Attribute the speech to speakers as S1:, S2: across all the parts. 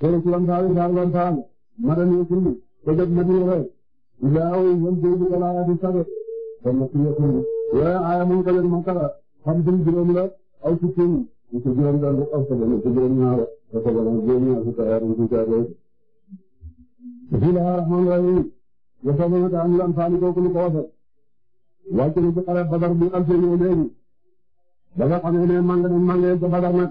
S1: tey ci wantaani saal wantaan madani kulli ko jot madina rek ilaahu yom jëndi walaayati sabe kon nag suñu kulli yooyu aaya mu ngi ko leen moom kala xam suñ juróom la aw si suñ ñu ko juróom daal aw sa bële ko juróom ñaar ko ko bële juróom ñaar si tawaar ñu ko jaay bismillaahi rahmaani rahiim ya sa bële taan lan faani ko ko ko wasa wàcc ni ci xare badar bi am seen léegi ba nga xamee ne màng na màngee ba badar nag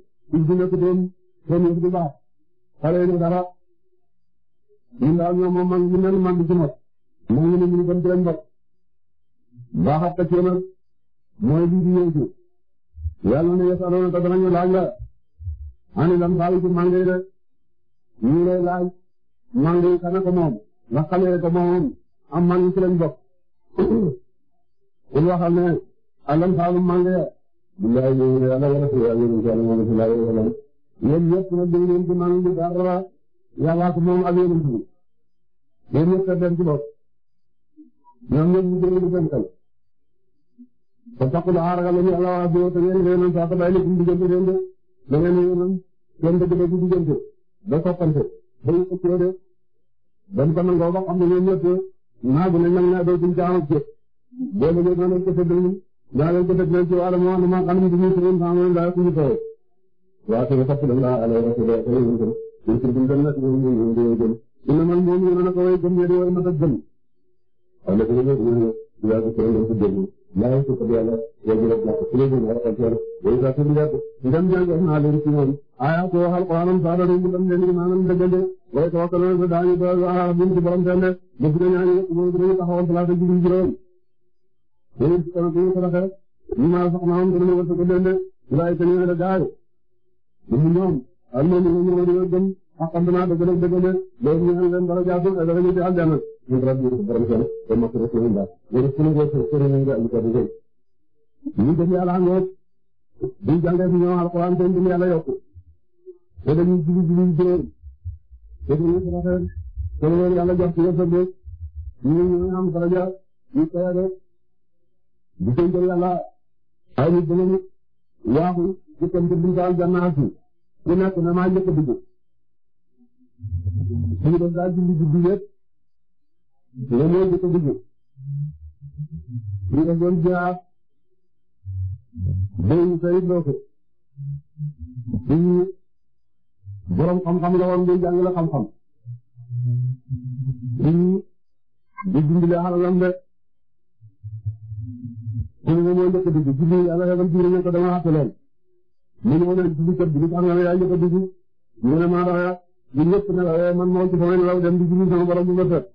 S1: suñ dina ko doon seen baax xale yi dara ñun daal ñoom moom man ñu mel man du ci mot moo ngi ne ñu dem benn bopp baaxat ko ci nag mooy lii di yëngu yàlla na yasaaloon te danañu laaj la ani lan faaw ci màngo yi rek ñu lay laaj màngo yi kana ko moom ndax xale yi ko moom am màngo ci lañ bokk pour waxal ya billahi yéen yàlla wala si yàlla yéen yàlla moom si laay wala yéen ñëpp nag dañ leen di màgg di dara yàllaa ko moom ak yéen ci yéen ñëpp a dem ci bopp ñoom ñëpp ñu jëlee di seen kaw te taxul a ragal ñu ngeen yéen saa ko bàyyi leen de da ngeen yéen kenn dëgg dëgg ba soppante ba ñu ko de dañ ko nangoo ba xam ne naa doon duñ caaw ak boo ma jël ma nekk ci sa daa leen ko teg leen ci wàllu moom man xam nañ si ñun xam nañ daal suñu tooy waaw te sax dama laa allé rafetlu rek rek ñu jëm ñu si ñu dem nag ñu ñu ñu ñu jëm ñu ne man moom ñu ne ko way jëm yéen yooyu mat a jëm. waaw lépp lu ñu ñu ñu yaa ko tëral ko jëm laa ko ko yàlla yow di la jàpp ku la jëm war a ko teel yow sax suñu yàgg ngeen jàng wax naa leen ci moom aya ko waxal xoolam saa dara ñu dem leen ni maanaam dëggante way tawakkal na daañu ah, ba borom tende bu fi ñaan ñu ñu taxawal place juróom yéen ci kanam suñu ko defee rek ñu naan sax maanaam dina wër sa ko déndee laay te ñëwee la gaaw ñun ñoom ak ñoom ñu ngi ñëw di leen gëm ak xam naa dëgg la dëgg la loolu ñu ngi leen dara jaaxul ak dara ñu di àjjana. ñu ngi rafetlu ko borom seen ba ma ko suñu baax yéen suñu ko suñu ñu ngi ko dugg ñu dem yàlla ngoog buñ jàngee si ñoom alxuraan seen dund yàlla yokku te dañuy jiwu jiwu juróom te dañuy rafet te loolu yàlla jox ci wërsëg ñu ngi am dara jaar ñu koy rek bu soobee yàlla ay nit dinañu waaxu jëkkante buntu aljanna si ku nekk na maa njëkk a dugg suñu def daal julli guddi yëpp nga ñëw njëkk a dugg ñu def doon jihaad béyu sayid loo ko suñu borom xam-xam la woon ngay jàngale xam-xam suñu di dimbale xalalam moom moom mooy njëkk a dugg julli yàlla yabal jiw nañ ko dama xasee leen. ñu ne ma ne julli kat bi am na yaay njëkk a dugg ñu ne maa dara ñun ñëpp ne la eh, man moo ci fa wéy law dem di julli sama borom bu ma set.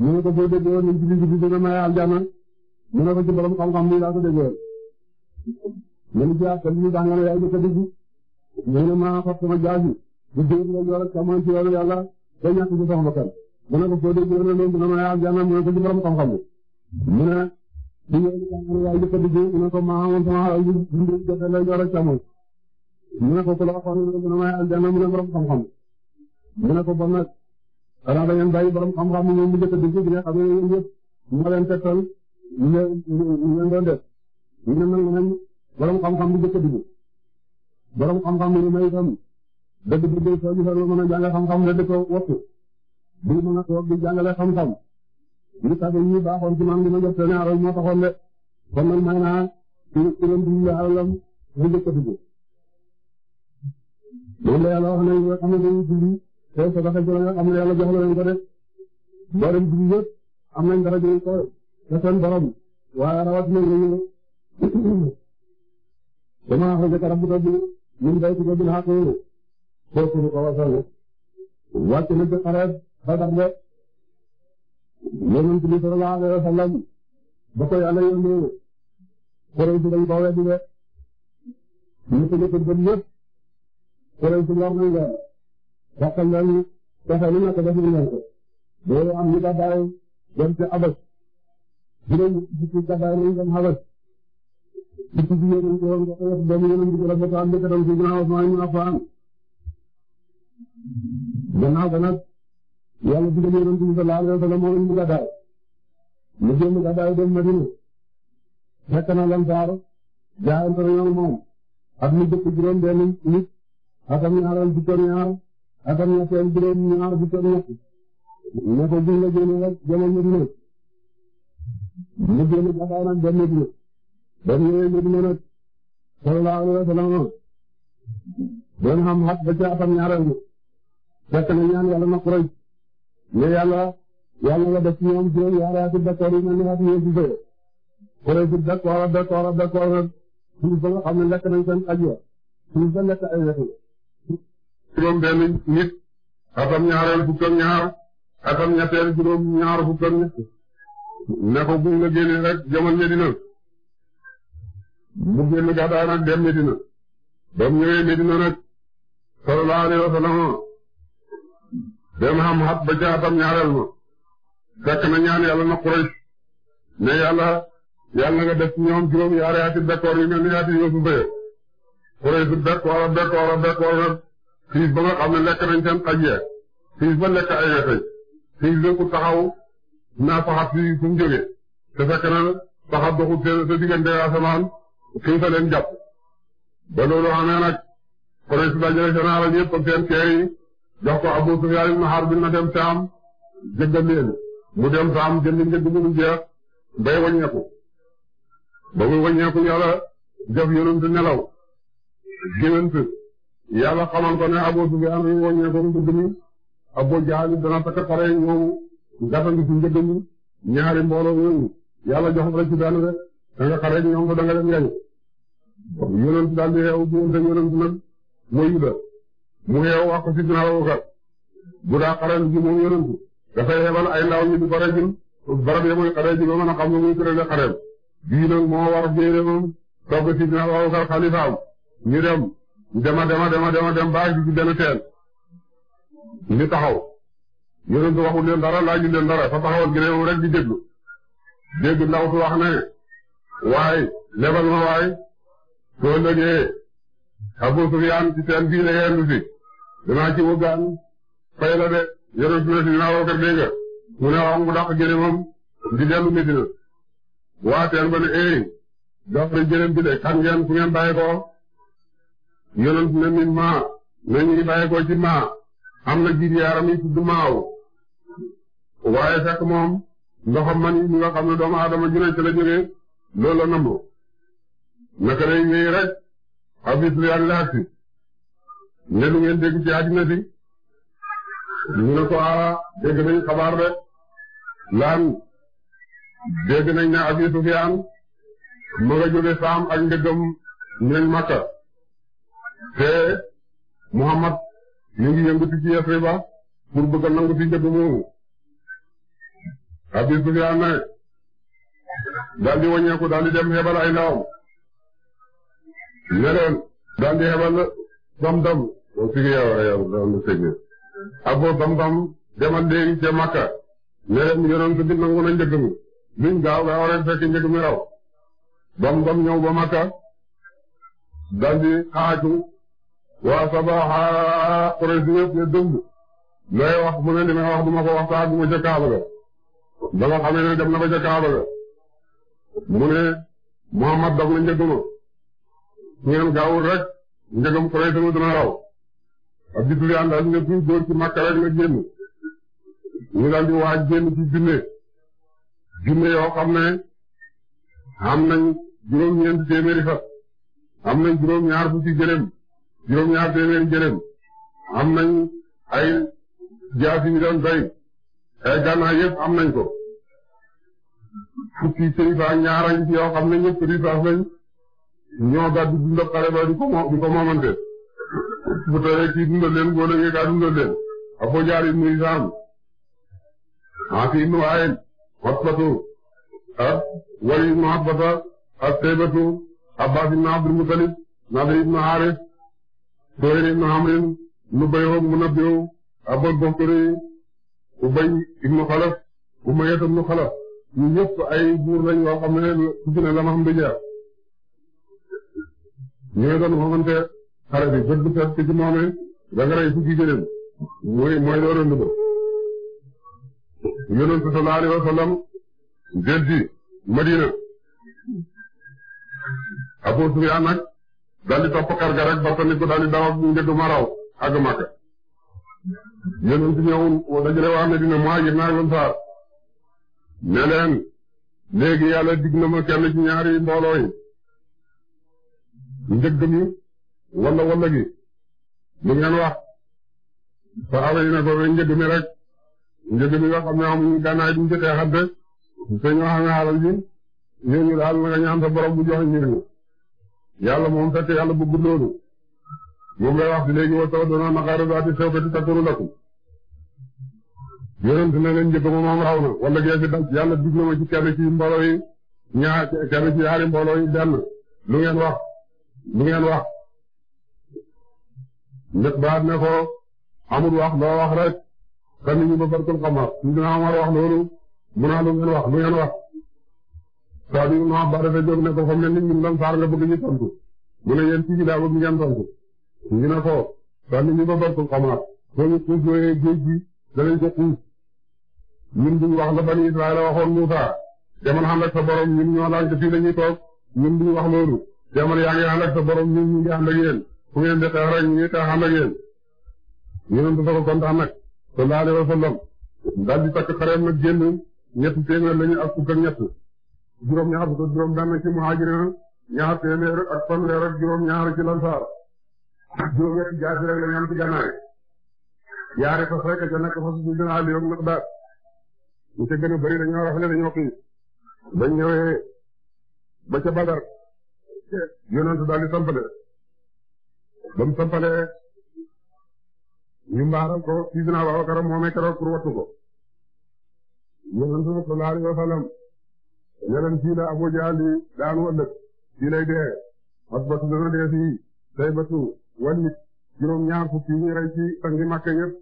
S1: ñu ne ko boo déggee woon nañ julli julli dina may aljana ñu ne ko ci borom xam-xam bi laa ko déggee woon. ñun jaas kat bi daan nga ne yaay njëkk a dugg ñu ne maa fab sama jaas yi bu dégg la yor ak sama ci yoonu yàlla te ñàkk ci sama bakkan mu ne ko boo déggee woon nañ loolu dina may aljana ñu ne ko ci borom xam-xam bi mu ne bu ñu yëngu yaay yëpp a dugg mu ne ko maa amoon sama alal yu dundee jafe la joor ak càmmoñ mu ne ko ku la waxoon mu ne ko may aljanna mu ne borom xam-xam mu ne ko bon nag xanaa da ngeen bàyyi borom xam-xam ñoom bu njëkk a dugg bi nga xam ne yéen yëpp moo leen tegtal ñu leen ñu leen doon def ñu ne nag nañ borom xam-xam bu njëkk a dugg borom xam-xam bi ñu may itam dëgg-dëgg soo gisee lu mën a jàng xam-xam la di ko wattu di mën a toog di jàngale xam-xam. li tax ñi baaxoon ci man li ma jot seen alal moo taxoon de kon nag may naa ci ci leen dund alalam mu njëkk a dugg moom la yàlla wax ne nga xam ne dañuy dund te nga xam ne yàlla jox la leen ko de boo am rawat nañ la ñu dama akhrajaka rabbuka min baytika bil haqq ko na ci xareet ba tax de yonent bi sallallahu alayhi wa sallam ba ko yàlla yónnee Quraysh dañ ko weddi de ñu ko jëkk gëm yëpp Quraysh war nañ leen waxal nañ pexe lu nekk def nañ ko loolu am ñu gàddaay dem ca Abas juróom fukki gàddaay nañ dem Abas fukki jigéen nañ ko woon ko yëpp doomu yonent bi la fekk am dëkk tam ci ginnaaw Usmaan ibn Affaan gannaaw ga nag yàlla digal yonent bi sallallahu alayhi wa sallam moo leen mu gàddaay mu génn gàddaay dem Madina fekk na Ansaar jaayante nañu moom ak mu jëkk juróom benn nit atam ñaaral fukki ñaar atam ñetteel juróom ñaar fukki ñett ne ko gis nga génn rek demal Madina mu génn gàddaay nag dem Madina ba mu ñëwee Madina nag sallallahu alayhi wa sallam doon xam xat ba ca atam ñaaral fekk na ñaan yàlla na Quraysh mais yàlla yàlla nga def ci ñoom juróom ñaari ati d'accord yi mel ni at yéen di jógee xëy si d'accord ak d'accord ak d'accord nag suuf ba nga xam ne lekk nañ seen ajo suuf ba lekk ay wetu. juróom benn nit atam ñaareel fukk ak ñaar atam ñetteel juróom ñaar fukk ak ñett ne ko bu nga génnee rek jamono Medina mu génn gàddaa nag dem Medina ba mu ñëwee Medina nag sallallahu alayhi wa sallam dem xam xat ba jaatam ñaareel ma fekk na ñaan yàlla na Quraysh ne yàlla yàlla nga def ñoom juróom yaari ati bekkoor yu mel ni ati Yuusufa ya Quraysh bekkoor a bekkoor a bekkoor a siis ba nga xam ne lekk nañ seen xaj ya siis ba lekk ay wetañ siis ba ku taxaw naa saxat si fu mu jóge te fekk na saxat doxut seen sa diggante asamaan siis a leen jàpp ba loolu xamee nag Quraysh dajale seen alal yëpp ak seen keer yi jox ko Abu Sufyaan ibn Harb na dem Saam jëggal leen mu dem Saam jënd njëgg mu jeex bay wàññeeku ba muy wàññeeku yàlla def yonent nelaw géwént
S2: yàlla xamal ko ne Abu
S1: Sufyaan muy wàññeeku mbëgg mi Abu Jahl dana takk xare ñoom gàttandu ci njëgg ñaari mbooloo yooyu yàlla jox ko rek rek da nga xare ñoom da nga dem yañ yonent daal di xew diggante yonent nag mooy Yuda mu yeewu wax ko si dina bu da xaran ji moom yonentu dafay xebal ay ndaw ñu di ko rejil barab ya muy xare ji ba a xam ne muy tërale xareem bii nag moo war jéere moom togg si dina Abubakar xalifaam ñu dem dema dema dema dema dem ba gi ci benn teen ñu taxaw yonentu waxul leen dara laaju leen dara fa taxawal gineewu rek di déglu dégg ndaw su wax ne waaye lebal ma waaye soo lëgee Abu Sufyaan ci teen bii la yendu fi danaa ci wëggaan fay de yore bi dina woo kat dégg nga mu ne waaw mu dàq gëlëmam di dellu Medina waa teen ba de kan ngeen fu ko yonent ne min maa ne ñu ko ci maa am na jiit yaaram yi tudd maaw waaye fekk moom ndoxam man yi nga xam ne doomu aadama ju ne ci la jógee loolu la namm naka lay wéy rek abis li ak laaj ne lu ngeen dégg ci àddina bi ñu ne ko ah dégg nañ xabaar de laan dégg nañ ne Abi Sufyaan ma nga jóge saam ak ndëggam ñooñ Makka te Muhammad ñu ngi yëngatu ci Yasriba pour bëgg a nangu ci njëgg moomu Abi Sufyaan ne daal di wàññeeku daal di dem xebal ay ndawam ne daal di xebal dam dam boo sigee wala yow da nga sigee Abu Tamtam demal léegi Makka ne leen yonent bi nangu na njëkk mi luñ gaaw rek fekk njëkk mi raw Tamtam Makka daldi xaaju waa Sabaa Quraysh yëpp ne dëgg looy wax mu ne li wax duma ko wax saa duma ca Kaaba ga xamee ne dem na ba ca Kaaba mu ne Muhammad dog na njëkk ma ngeen gaawul rek njëkkam Quraysh dana raw ak juddu yàlla ak nekk góor ci Makka rek la génn ñu daal di waaj génn ci junne junne yoo xam ne am nañ juróom-ñeenti téeméeri fa am nañ juróom-ñaar fukki gëlëm juróom-ñaar téeméeri gëlëm am nañ ay jaasi ñu doon bay ay gànnaay yëpp am nañ ko fukki kilifa ak ñaar a ngi ci yoo xam ne ñëpp rifaas lañ ñoo daal di dund xale ba di ko di bu tawee kii dundal leen góor a kaa dundal leen Abu Jahl ibn Hishaam Aafi ibn Waa'il Utbatu ak Waliid ibn Utbata ak ah, Taybatu Abbaas ibn Abdul Muttalib Nadr ibn Haaris Zuhayr ibn Amr Nubayh Munabbi Abul Bakhtari Ubay ibn Xalaf Umayya ibn Xalaf ñu ñëpp ay buur lañ yoo xam ne su fi ne la ma xam di jaar ñooy xale bi bët bu fees te ci moomee da nga rey fukki gëléem mooy mooy loolu lu ba yonent sallallahu alayhi wa sallam delsi Madina Abu topp kàr ga rek ba tamit daal di daw ak njëgg ma raw àgg Makka yonent ñëw dajale waa Madina muhaajir naa leen saar ne leen léegi yàlla dig na ma kenn ci ñaari mbooloo njëgg mi walla walla gi li ngeen wax fa awee na ko njëg mi rek njëg mi nga xam ne amuñu gànnaay duñ ci xeexante te ñoo xam ne xalal ji yéen ñu daal nga ñaan sa borom bu joxe mbir mi yàlla moom fekk yàlla bëggul loolu moom lay wax léegi wa tawaddawna maqaariba shawkati takuunu lakum yonent na leen njëkk moom raw na wala gee fi daj yàlla dig na ma ci kenn ci mbooloo yi ñaar kenn ci yaari mbooloo yi benn lu ngeen wax lu ngeen wax ndët baat ne ko amul wax loo wax rek ka nit ñi ba barkul xamar dina amar wax loolu mu naa lu ngeen wax lu ngeen wax saa bi ma ba dafa jóg ne ko fa mel ni ñun lan saar nga bëgg ñu tontu mu ne yéen fii ci daa bëgg tontu ñu ne ko ka nit ñi ba barkul xamar sooñu xuus yooyee géej gi danañ ko xuus ñun duñ wax la bani Israël waxoon Muusa
S2: demal xam rek sa borom
S1: ñun ñoo daan fii la ñuy toog ñun duñ wax loolu demal yaa ngi xam sa borom ñun fu ngeen di xeex rek ñuy xeex ànd ak yéen yéen dafa ko kontaan nag sallallahu alayhi wa sallam daal di takk xareem nag génn ñetti téeméer lañu ak fukk ak ñett juróom-ñaar fukk ak juróom-benn ci ak fanweer ak juróom-ñaar ci lansaar juróom-ñaar ci jaasi rek lañu am ci gannaay yaari fas rek ca nekk fas yu gën a àll yoog nag daal ñu ca a ba ca Badar yonent daal di ba mu sampalee ñu mbaaral ko sidina Abubakar moome keroog pour wattu ko yonentu sallallahu alayhi wa sallam yeneen fii la Abu Jahl daan wëllëg fii lay dee asbatu dana dee fii say batu wàllu juróom ñaar fukki ñu rey ci sangi Makka yëpp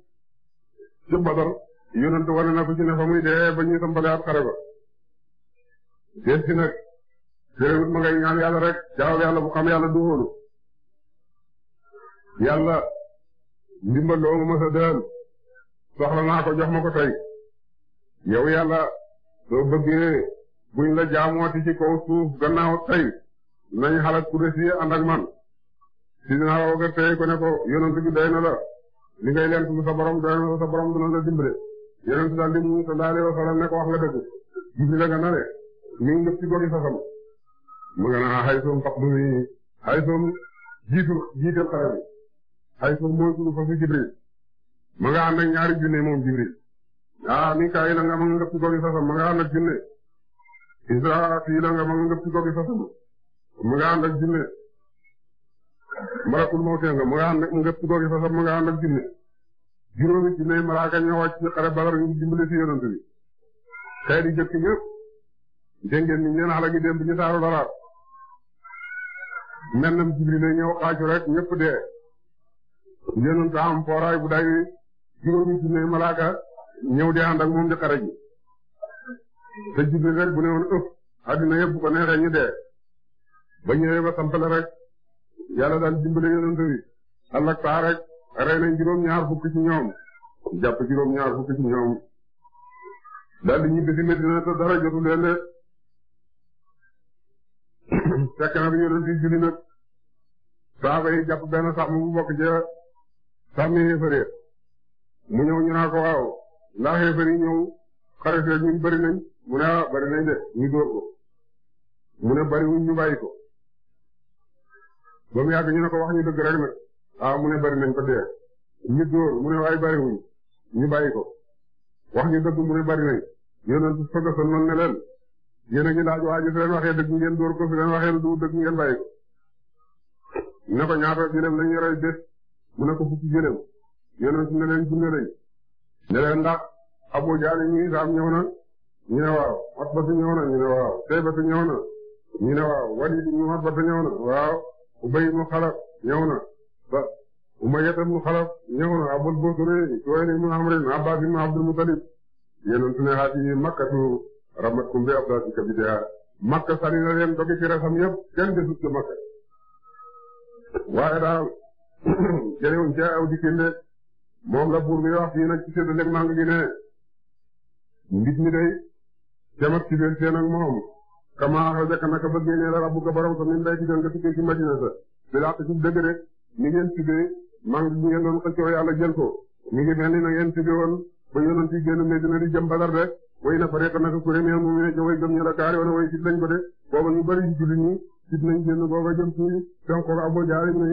S1: ci Badar yonentu wane dee ba sampale ab xare ba déet si nag jërëjëf ma ngay ñaan yàlla rek jaaw yàlla bu xam yàlla yàlla ndimbal loo ma mës a soxla naa ko jox ma ko tey yow yàlla soo bëggee buñ la jaamooti ci kaw suuf gannaaw tey nañ xalaat ku des yi ànd ak man si dinaa woo tey ko ne ko bi doy na la li ngay leen sa borom doy na la sa borom dina la dimbale yonent daal wax nga dëgg gis la nga nare mi ngi ci gori sa sam mu nga ah, naa xay soom pax bu mi xay soom jiitu jiital xare bi ay foofu mooy turu foofu Jibril ma nga ànd ak ñaari junne moom Jibril ah Mikaayil la nga ma nga ngëp ci kooki sasam ma nga ànd junne ma nga ngëp ci ma nga ànd junne Malakul Mawti ma nga ànd ak ngëp xare Badar ñu dimbali ci yonent bi kay di jëkk ñëpp dégg ni ñeen gi dem bi saaru dara mel nam Jibril la ñëw xaaju rek ñëpp dee yonent ta am fooraay bu day juróomi junne malaaka ñëw di ànd ak moom di xare ji te Jibril rek bu ne woon ëpp addina yëpp ko neexee ñu dee ba ba sampale rek yàlla daal dimbale yonent bi àllak saa rek rey juróom-ñaar fukk ci ñoom jàpp juróom-ñaar fukk ci ñoom daal di ñibbi si Medina te dara jotu leen de bi yonent bi julli nag saaba yi jàpp benn sax mu bokk ca sànni xeefare mu ñëw ñu na ko waaw ndax xeefare ñëw xare fee ñun bëri nañ mu ne ah nañ de ñu dóor ko mu ne bëriwuñ ñu bàyyi ko ba mu yàgg ñu ne ko wax ñu dëgg rek nag ah mu ne bëri nañ ko dee ñu dóor mu ne bari bëriwuñ ñu bàyyi ko wax ñu dëgg mu ne bëri nañ yonent bi sëgg sa noon ne leen yéen a ngi laaj dëgg ngeen dóor ko fi leen du dëgg ngeen bàyyi ko ne ko ñaata dilem lañu rey bés mu ne ko fukki gëléem yonent ne leen junne lañ ne leen ndax Abu Jahl ñuy saam ñëw na ñu ne waaw Utba ñëw na ñu ne waaw Shayba ñëw na ñu ne waaw Walid ibn Utba ñëw na na ba Umayya ibn Khalaf ñëw na Abul Busri Suhayl ibn Amr abdati kabida makka sani na leen dogi ci rasam yëpp kenn desut daal jëlewuñ ca aw dikkin de moom la buur bi wax fii nag ci ne nit ñi day ak ci biir ak moom kamaaxa jëkk naka ba génnee la rabbu ka borom sa min day digal nga tukkee ci madina sa bi laa ko ci dëgg rek ni ngeen tuddee maa ngi ñu ngeen doon xëccoo yàlla jël ko ñu ngi mel ni na ngeen tuddee woon ba yónnoon ci génn Medina di jëm Badar de way na fa rek naka kuréel yéen moom it way gëm ñu la kaari wala way sit lañ ko de booba ñu bari julli ñi sit nañ génn booba jëm ci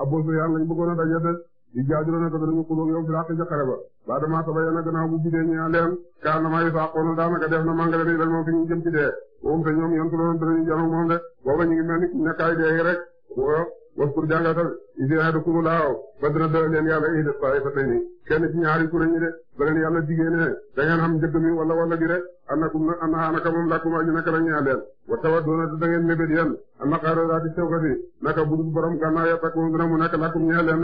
S1: Abu Sufyaan lañ bëggoon a daje de di jaajëfal ne ko danañu xulóog yow fi laa ko jëkkëre ba. ba damaa tabayana gannaaw bu bidee ñu leen kaa na maa yi daanaka def na mangale ni dal moom fi ñu jëm ci dee moom te ñoom yontu loon danañu janoog moom de booba ñu ngi mel ni nekkay dee rek waskur jàngatal isiadukumu laaw ba dina dara leen yàlla ihda ta'ifatayni kenn ci ñaari kuréel ñi de ba leen yàlla digée ne da ngeen xam njëgg mi wala wala gi rek annakum na annahaa naka moom lakum aji naka la ñeel leen wa tawadduuna da ngeen mébét yéen anna qaraaraati sewkati naka budub borom gànnaaw yatak moom dina mu nekk lakum ñeel leen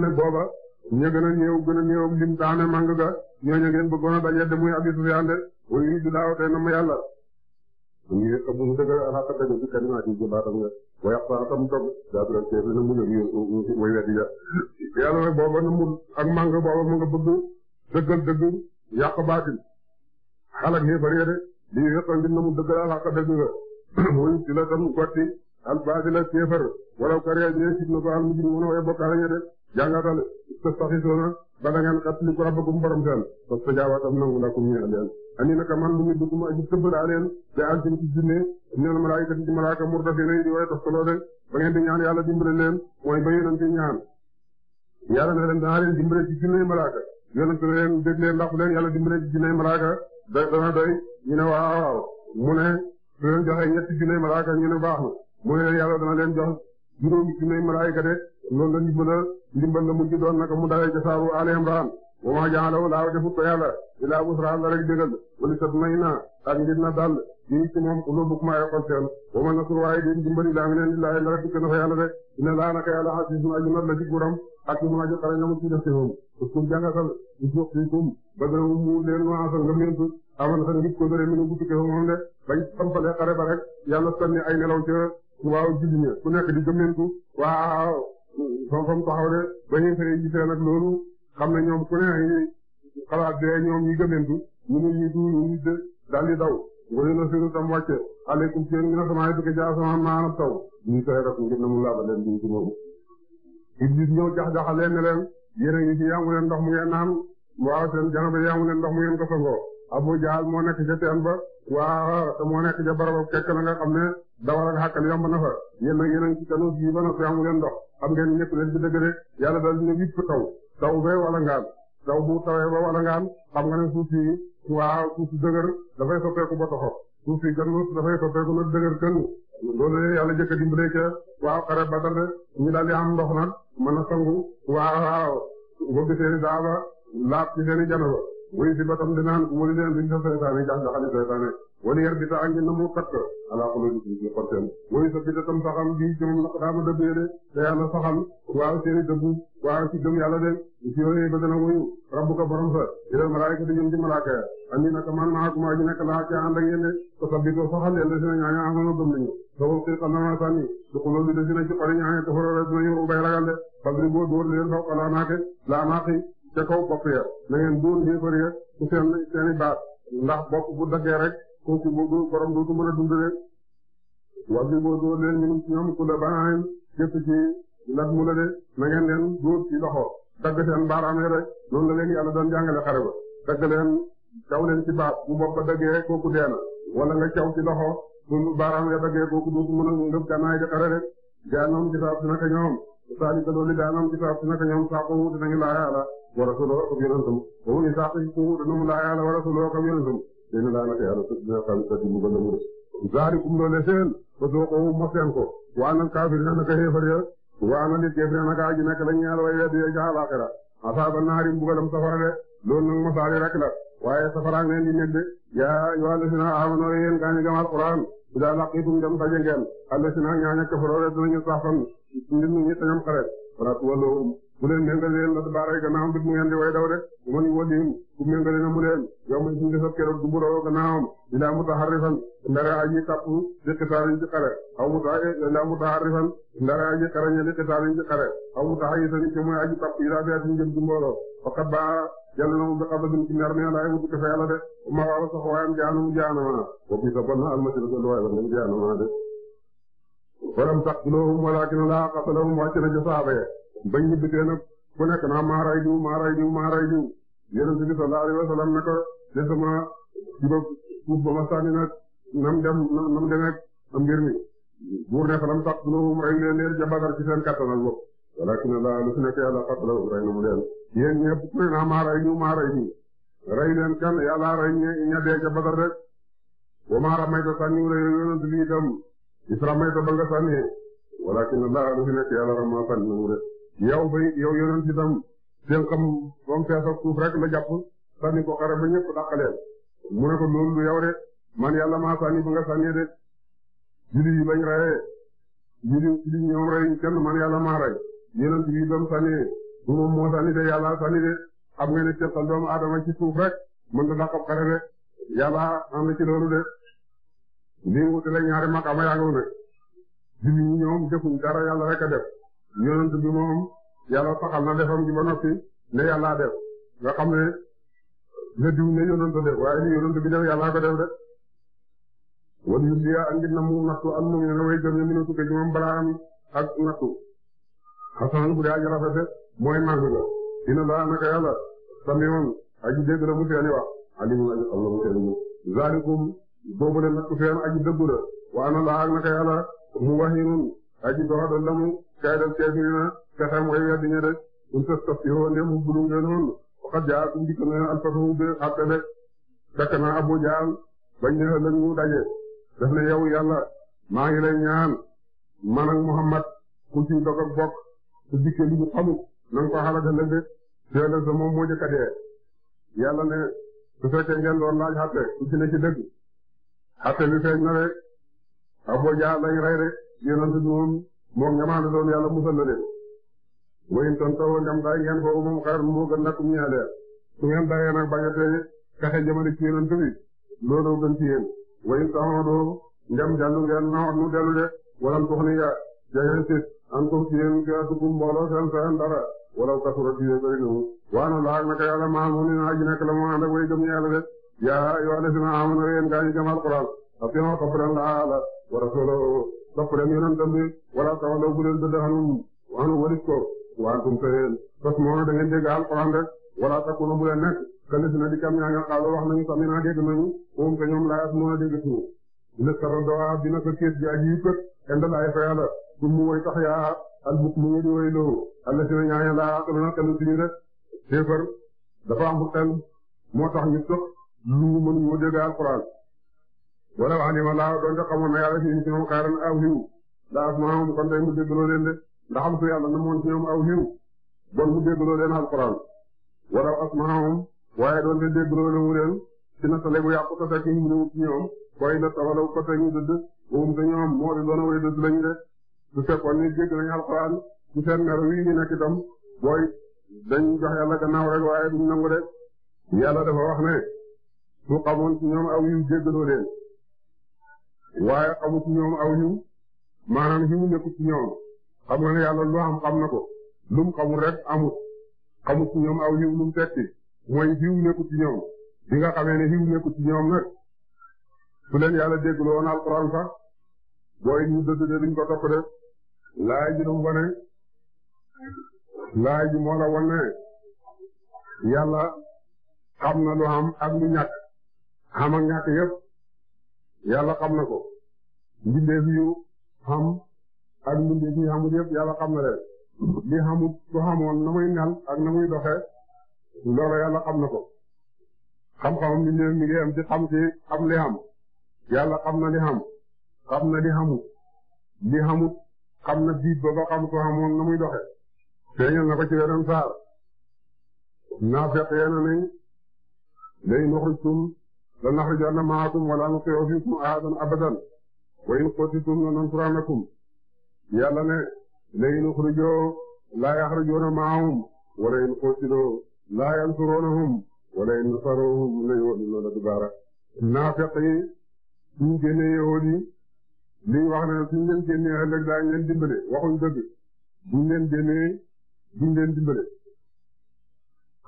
S1: nag booba ñu gën a néew gën a néew lim daane mang ga ñooñu ngeen bëggoon a bañ a demuy Abi wa yaqtara tam dog a teer na muñ way weddi ja yàlla nag booba na mun ak mànga booba mu nga bëgg dëggal dëgg yàq baatil xalak ni fariye de li yëqal na mu dëggal al xaq dëgg nga wuñ si la tam gotti al baatila kéefar wala kariya ñee sib na ko al mujrim wona way bokkaale ñe de jàngatal tastaxisona bala ngeen xat li ko rabbakum borom seen parce que jaabatam nangu lakum ñeel leen ani naka man bu ñu dugg ma ñu tëbb daa leen te ak jëm ci jinne ñoom malaayika ci malaaka murtafina di way toftaloo de ba ngeen di ñaan yàlla dimbale leen mooy ba yonente ñaan yàlla na leen danaa leen dimbale ci jinne malaaka yonente leen dégg leen ndax leen yàlla dimbale ci jinne malaaka da dana doy ñu ne waaw waaw mu ne su leen joxee ñetti jinne malaaka ñu ne baax na mu ne leen yàlla dana leen jox juróomi jinne malaayika de loolu la ndimbal ndimbal mu dalee jasaaru Ali wa ma ja'alahu laaw defut ko yàlla illaa busraa la rek dëggal wali tatma'inna ak ngir na dal ñi ci moom quluubukum ay xol seen wa ma nasru waaye di dimbali laa min indillaahi la rek na fa yàlla rek inna laa naka yàlla asiisun aji mat la ci guram na ñu ma ji xare ñamu ci def ci moom uskum jàngatal uskum ba a mu leen ma asal nga ment aman sa ngib ko dëre mi nu guttuke moom de bañ sampale xare ba rek yàlla sanni ay nelaw ci waaw julli ña ku nekk di gëmmentu waaw fam fam taxaw de bañu fere ji teen ak xam ne ñoom ku ne xalaat bee ñoom ñi gëmentu ñu ne ñu du ñu de daal di daw wala na siru tam wàcce aleykum seen ngi na samaay bi ko jaa sama maanab taw ñu soy rak ngir na mu laaba leen duñ ci moomu iblis ñëw jax-jaxal leen ne leen yéen a yaamu leen ndox mu ngeen naan waaw seen janaba yaamu leen ndox mu ngeen ko sangoo Abu Jaal moo nekk ca teen ba waaw te moo nekk ca barab kekk na nga xam ne dawal ak xàkkal yomb na fa yéen nag yéen a ngi ci kanu gii yaamu leen ndox xam ngeen ñëpp yàlla daal dina taw bee walangaan taw bu tawee ba walangaan xam nga ne suuf waaw suuf si dëgër dafay soppeeku ba toxo suuf si dafay soppeeku nag dëgër gën loolu yàlla jëkk a dimbale waaw xare Badar de ñu daal di am ndox nag mën a sangu waaw waaw nga gisee daa ba laab ci seen i ba wuy si ba tam dinaan wóli leen duñ sa seytaane jax jaxali a wala yar bi ta angi na mu kat ko alaa xolo di ci xorteen wuy sa bi ta tam saxam bi jëm na daama dëbbee de te yàlla saxal seeni dëbbu waaw ci gëm yàlla de si yooyu ba dana wuyu rabbuka borom sa ilal malaayika di jëm ci malaaka ya andi naka man maa ak maa ji nekk laa ca ànd ak yéen de ko sa bitoo saxal leen de sina ñaaño amano ah, gëm nañu soo xir xam na sànni su xuloo bi ca kaw bopp ya na ngeen buun yéefar ya ci seen seen i baat ndax bopp bu daggee rek kooku boobu borom dootu mën a dundale wax bi boo doo leen ñun ñoom ku la baaxee jëpp ci ndax mu la de na ngeen leen dóor ci loxo dagg seen baaraam yi rek noonu la leen yàlla doon jàngale xare ba dagg leen caw leen ci baat bu bopp a daggee kooku dee na wala nga caw ci loxo bu baaraam ya daggee kooku dootu mën a ngëb gànnaay di xare rek jaanoom ci ci saaf si naka wa rasuloo ko yonentam wa man yusaaqikum dana wa rasuloo ko yonentam dina daanaka yàlla su dina xam sa dimb ba lamu rës zaalikum loole seen fa dooqoo mos seen ko waa nag kaafirina naka xéefar ya waa nag nit keefina naka aji nekk lañu yàlla way weddi ja alaaxira asaaba naari mbugalam safara de loolu nag masaali rek la waaye safaraag leen di nekk de yaa ayyuhal lazina aamanoo yéen gaa ñu gëm alquran idaa laqiitum dem daje ngeen allazina ñaaña kafaroo dinañu saxfan nit ñi tañam xaret wala tuwalloo bu leen méngale leen la baaraay gannaawam bit mu ngeen di way daw de man waliim ku méngale na mu leen yow ma suñu desat keroog du mburoo gannaawam ilaa mutaharrifan ndara aji kapp li qitaalin ci xare aw muta eh, ilaa mutaharrifan ndara aji xarañe li qitaalin ci xare aw aji kapp ilaa fiatin jëm ci mbooloo faqat ba yàlla na mu bi xabasin ci mer ne laay wutu ko fa yàlla de ma waala sax waayam jaanamu jaanama wa bi sa bon almasira sa luwaay ba ngeen jaanama de walam taqtuluhum walakin laa qatalahum wàcc na ci bañ ñu bitee nag ku nekk naa maaray diw maaray diw maaray diw yonent bi sallallahu alayhi wa sallam ne ko sama suba suuf ba ma sànni nag nam dem nam mbir mi buur ne falam sax suñu rey leen leen jabatar ci seen kattanal bopp walakin la lu fi nekk yàlla fàttala rey na mu leen yéen ñëpp ku ne naa maaray diw maaray diw rey leen kan yàlla rey ña dee ca rek wa maa ramayta sànniw la yonent bi itam is ramayta ba nga sànni walakin la lu fi yow bay yow yonent itam seen xam ba mu fees rek la jàpp sànni ko xare ba ñëpp mu ne ko lu yow de man yàlla maa sànni ba nga sànnee de julli yi rayee julli julli ñoom rey kenn man yàlla maa rey yonent bi ba mu moom moo sànni de yàlla sànni de am nga ne teqal doomu aadama ci suuf rek mën da dàqab xare de yàlla am na ci loolu de lii wutale ñaari makaama yaa ngi ne julli ñoom defuñ dara yàlla rek a def yonent bi moom yàlla saxal na defam ji ba noppi ne yàllaa def nga xam ne le diw ne yonent def waaye ni yonent bi def yàllaa ko def de yu si yaa ngir na mu nattu al moom ne way gëm ne minu tukke ci moom balaa am ak nattu xasanal bu dee aji rafete mooy màgg ga dina laa naka yàlla samiyoon aji dégg la mu seeni wax alimu aji xam la mu seeni mu zalikum waa na laa naka yàlla mu waxiirun aji doxa doon lamu kay def kees nee na pexem way weddi ña de um tes tas yoo ndem mu bulu ngeen woon waxat jaa kum dikk na alfatahu be atte de fekk na Abu Jaal bañ ne ëllëg mu daje def ne yow yàlla maa ngi lay ñaan man Muhammad ku ci dog ak su dikkee lu ñu xamul ko xalaat ëllëg de su sa moom moo jëkka dee yàlla ne su fekkee ngeen doon laaj xatte ku ci ne ci dëgg xatte bi feeñ na de Abu Jaal lañ rey de yonent bi moom moom ñamaane doon yàlla musal la de wayin ton taw ngam ngeen foofu moom xaar moo gën lakum ñaaleer su ngeen dayee nag ba nga te kaxe jëmale ci yonent bi loolu gën ci yéen wayin taxoo doo ngam jàllu ngeen na nu dellu de walam tuxni ya jage sit an ko ci yéen ka dugum mbooloo seen seen dara wala kasura dié bëri namu waano laak naka yàlla maa ni naa ji la moo ànd ak gëm yàlla de yaa yoo desina amana yéen gaa ñu gëm alquran a pion topp leen yonentam bi wala tawalaw bu leen dëdd xanu xanu walis ko waantum te tos moo da ngeen dégg alxuraan rek wala takunu bu leen nekk kale si na di kam ñaa nga wax nañu sami dégg nañu moom te ñoom laay at mën a dégg suñu lëkkara doa dina ko kees ji aji yipkat enda laay fa yàlla su mu woy tax yaa al buk mu ngi di woy loo alla si na ñaaña laa aqluna xelu suñu rek téefar dafa am xel moo tax ñu tëx lu mënuñoo dégg alxuraan wala wax ni ma laa doon xamoon na yàlla si si moom xaaran aw xiw daa af maanaam kon day mu déggloo leen de ndax su yàlla na moon si ñoom aw xiw bon mu déggloo leen alxuraan wala as maanaam waaye doon te déggloo ci na sale bu yàqu ko fekk ñu ñëw ci ñoom koy na tawalaw ko teñu dëdd boobu moo di doon a way dëdd lañu de su fekkoon ni dégg nañu alxuraan ci seen mer wi ñu nekk itam booy dañ jox yàlla gannaaw rek waaye duñ nangu de yàlla dafa wax ne su xamoon waaye xamu ñoom aw yiw maanaam yiw nekkul ci ñoom xam nga ne yàlla lu am xam na ko lu mu xamul rek amut xamu ci ñoom aw yiw lu tekki mooy yiw nekkul ci ñoom bi nga xamee ne yiw nekkul ci ñoom nag su leen yàlla déglu woon alxuraan sax booy ñu dëdd de duñ ko topp de laay ji dum wane laay ji moo la wane yàlla xam na lu am ak lu ñàkk xam ak ñàkk yëpp yàlla xam na ko mbindeef yu xam ak mbindeef yu xamul yëpp yàlla xam na leen li xamul ku xamoon na muy nal ak na muy doxee loolu yàlla xam na ko xam-xamam mbindeef mi ngi am ci xam ci xam li xam yàlla xam na li xam xam na li xamul li xamul xam na biib ba ba xam ko xamoon na muy doxee feeñal na ko ci weneen saar naa fekk yeneen nañ day noxruj tum la naxrijanna maakum wala nuqii'u fiikum ahadan abadan wa in qutitum lanansurannakum yàlla ne la in uxrijoo laa yaxrujuuna ma'ahum wala in qutiluu laa yansuruunahum wala in nasaruuhum la yuwalluunna dubaara naafiq yi suñ génnee yahuud yi liñ wax ne suñ leen génnee ëllëg daañ dimbale waxuñ dëgg buñ leen duñ leen dimbale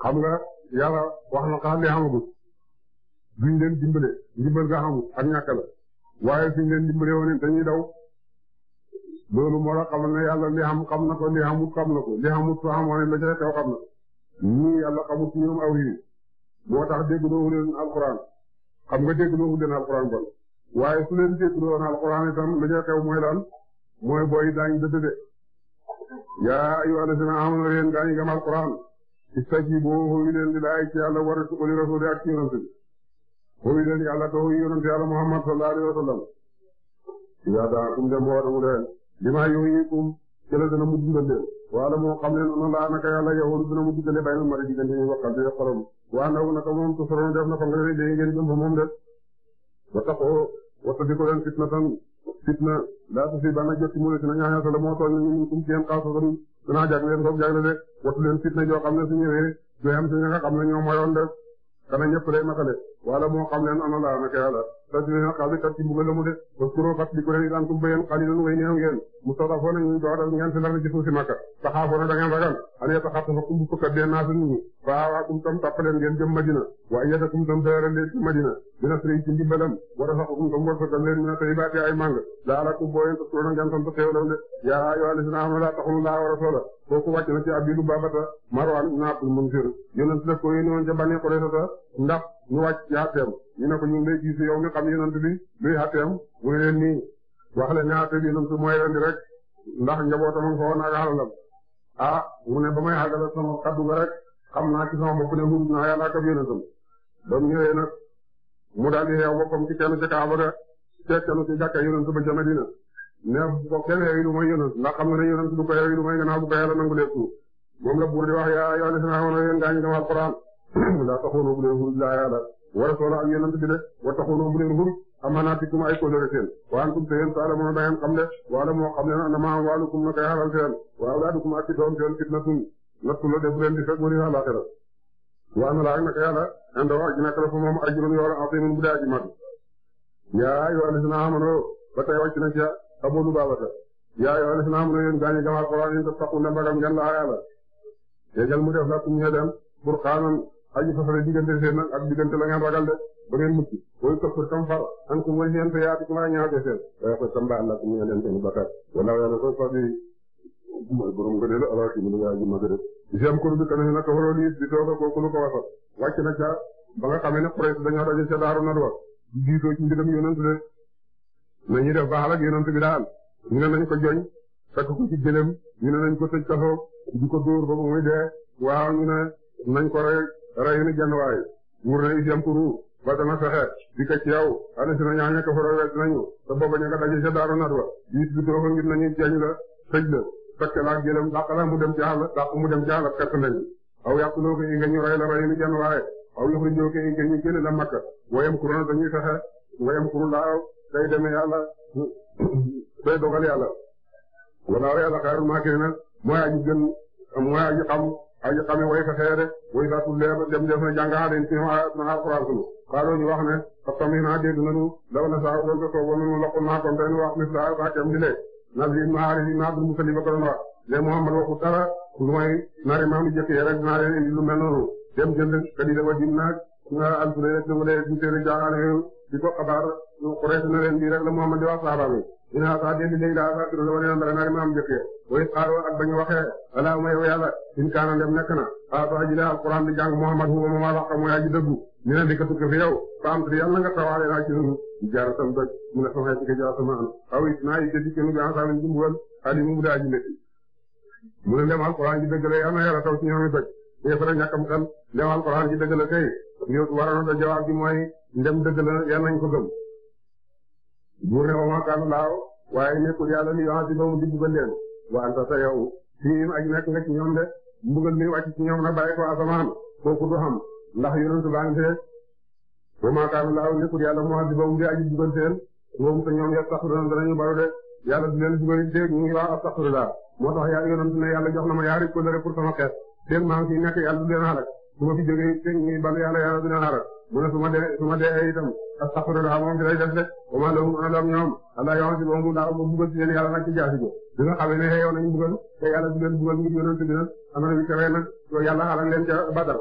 S1: xam nga yàlla wax na xaar li xamagut duñ leen dimbale ndimbal nga xamul ak ñàkk la waaye suñ leen dimbale woon dañuy daw loolu moo la xamal ne yàlla li xam na ko li xamut xam na ko li xamut soo xamoon la ca xew xam na ko yàlla xamut ñoom aw moo tax dégguloo leen alxuraan xam nga dégguloo leen alxuraan bon waaye su leen dégguloo woon alxuraan itam la ca xew mooy lan mooy booy daañu dëkk de yaa ayyuhallaziina aamanu yéen gaañu gëm alxuraan istajiibu leen di laay ci yàlla war a suqali rasuul ak foofu itam yàlla doo yonent yàlla Muhammad sallallahu alayhi wa sallam yaa daa kum dem boo tamu dee li maa yooyu kum jëla dana mu dundal leen wala moo xam ne noonu laa naka yàlla yowoon dana mu dundale bay na mara diggante ñu waxante yo xorom waa ndaw naka moom tu soroon def na ko nga dee ngeen jëm fa moom def ba taxoo wata di ko leen fitna tan fitna laa tu si bana jot ci mule si na ñaaña sala moo tooñ nañu kum ci yeen xaasosan danaa jag leen soog jag le de watu leen fitna joo xam ne si nga wala moo xam leen ana laa naka yàlla tasbina xabi kat ci mbugal la mu de waskuro fat di ko leen daan kum bayeen xalilan way néew ngeen mustadafoo na ñuy doxal ngeen fi lar ci suuf si Makka taxaafoo na da ngeen ragal ane taxaatu fa kum fukkat dee naa suñu ñi faawaa kum wa ayyada kum tam dëral leen ci Madina dina sëriñ ci ndimbalam war a sax kum tam warsagal leen de yaa ayyuhal laa taxunu laa wa rasuula kooku wàcc ci abilu babata marwan ko yónni woon ñu wàcc ci àtteem ñu ne ko ñu ngi gis yow nga xam yonent bi luy àtteem mu ne leen nii wax leen ne àtte a nga fa ah, ba may naa ci sama bopp ne murub naa yàlla ak yonentam ba mu ñëwee ko kenn xeewi lu may yonent ndax moom la buur di wax yaa yoo ne si naa woon yéen gaa laa taxoonoo bu leen xurj laa yàlla war a soxla ak bi de wa taxoonoo bu leen xurj amaanaatikum ay kóllëre seen wa antum te yéen ta'lamuuna da ngeen xam ne wala moo xam ne annamaa amwaalukum naka yaaral seen wa awlaadukum ak ci doom seen fitnatun nattu la def leen di fekk wala àllaaxira wa anna laaha naka yàlla inda wa aji naka la fa moom ajrun yoor aziimun bu dee aji mag yaa ayyuhal laziina na ci Abu Lubaabata yaa ayyuhal laziina aamanuu yéen gaañu gamal aji fasale diggante seen nag ak diggante la ngeen ragal de ba ngeen mucc booy topp sam far an ko mooy seen te yaatu ko maa ñaawte seen daya ko sam ba Allah ko mu leen seen bakkaar wala wala ko fa bi mooy borom gëneel ala ki mu yaa ji ma gëneel jëm ko bi kan na ko waroon yi di tooga kooku ko waxal wàcc na ca ba nga xamee ne Quraysh dañoo daje ca daaru nadwa jiitoo ci ndiram yonent de nañu def baaxal ak yonent bi daal ñu ne nañ ko joñ fekk ko ci gëlëm ñu rey na jenn waay mu rëy jëm turu ba dana fexe di ko ci yow ala na ñaaña ko fara wet nañu te booba ña nga daje ca daaru nar a diit bi doo fa ngir nañu jañ la tëj la takk laa gëlëm dàq la mu dem ci àll mu dem ci àll perte aw yàq loo ko yi nga ñu rey la rey na jenn waay aw yox rijoo ko a nga ñu génne la makka wayam kurona dañuy fexe wayam kuru laa day demee yàlla day dogal yàlla walaa yàlla xayrul maakiriin mooy aji gën mooy ay xam ne way fa xeere way fa tullee ba dem def na jàngaa den ci na alxuraan sunu xaaloo ñu wax ne fa tamit naa dégg nanu law na saa doon ko sooboon nanu loqoon naa kon teen wax mis la ba kem di lee na bi ma ari na bu musali ba ko doon wax ne Muhammad waxu dara lu may nari maam yi jëkk yi rek naa leen indi lu mel noonu dem jënd kadida wa jim naag nga alfure rek dama lee ñu téere jaaxaale di ko xabaar ñu xurees na leen di rek wax saaba dinaa saa dégg léegi daal saa dugg la ma ne maam njëkk mooy xaaral ak ba ñu waxee allahumma yow in kaana dem nekk na xaaral ji la alquran di jàng Muhammad huwa moom ala xam mooy aji dëggu ñu ne di ko tukki fi yow faam te yàlla nga tawaale naa ci suñu jaar sam dëkk mu a sama ci jaar sama an aw it naa yi ci kenn gàncax gi mu wër xaalis mu daa ji métti mu ne dem alquran ji dëgg la yàlla na yàlla taw ci ñoom dëkk te fa ñàkk mu dem dem alquran ji dëgg la kay yow waroon na jawaab bi mooy ndem ko gëm bu ne wa maa laaw waaye nekkul yàlla ni yow ba mu di buggal leen wa anta sa yow fii ak nekk nga ci ñoom de mbugal mi wàcc ci ñoom na bàyyi ko asamaan kooku du xam ndax yonent baa ngi fee wa maa laaw nekkul yàlla mu di ba mu di aji buggal seen moom te ñoom yastaxfiruuna danañu baru de yàlla du leen buggal dégg ñu ngi wax astaxfirullaa moo tax yaa yonent ne yàlla jox na ma yaari kóllëre pour sama xeet dégg maa ngi fi nekk yàlla du leen xaaral bu fi jógee dégg ñuy bal yàlla yàlla du leen xaaral mu ne su ma dee a ma dee itam astaghfirullah moom ci lay def de wa ma lahum alam ñoom ala yoon si moom mu ndax mu buggal leen yàlla nag ci jaasi ko bi nga xamee ne xëyoon nañu buggal te yàlla du leen buggal ngir yonent bi nag am na lu ñu kawee nag yàlla xaaral leen ca Badar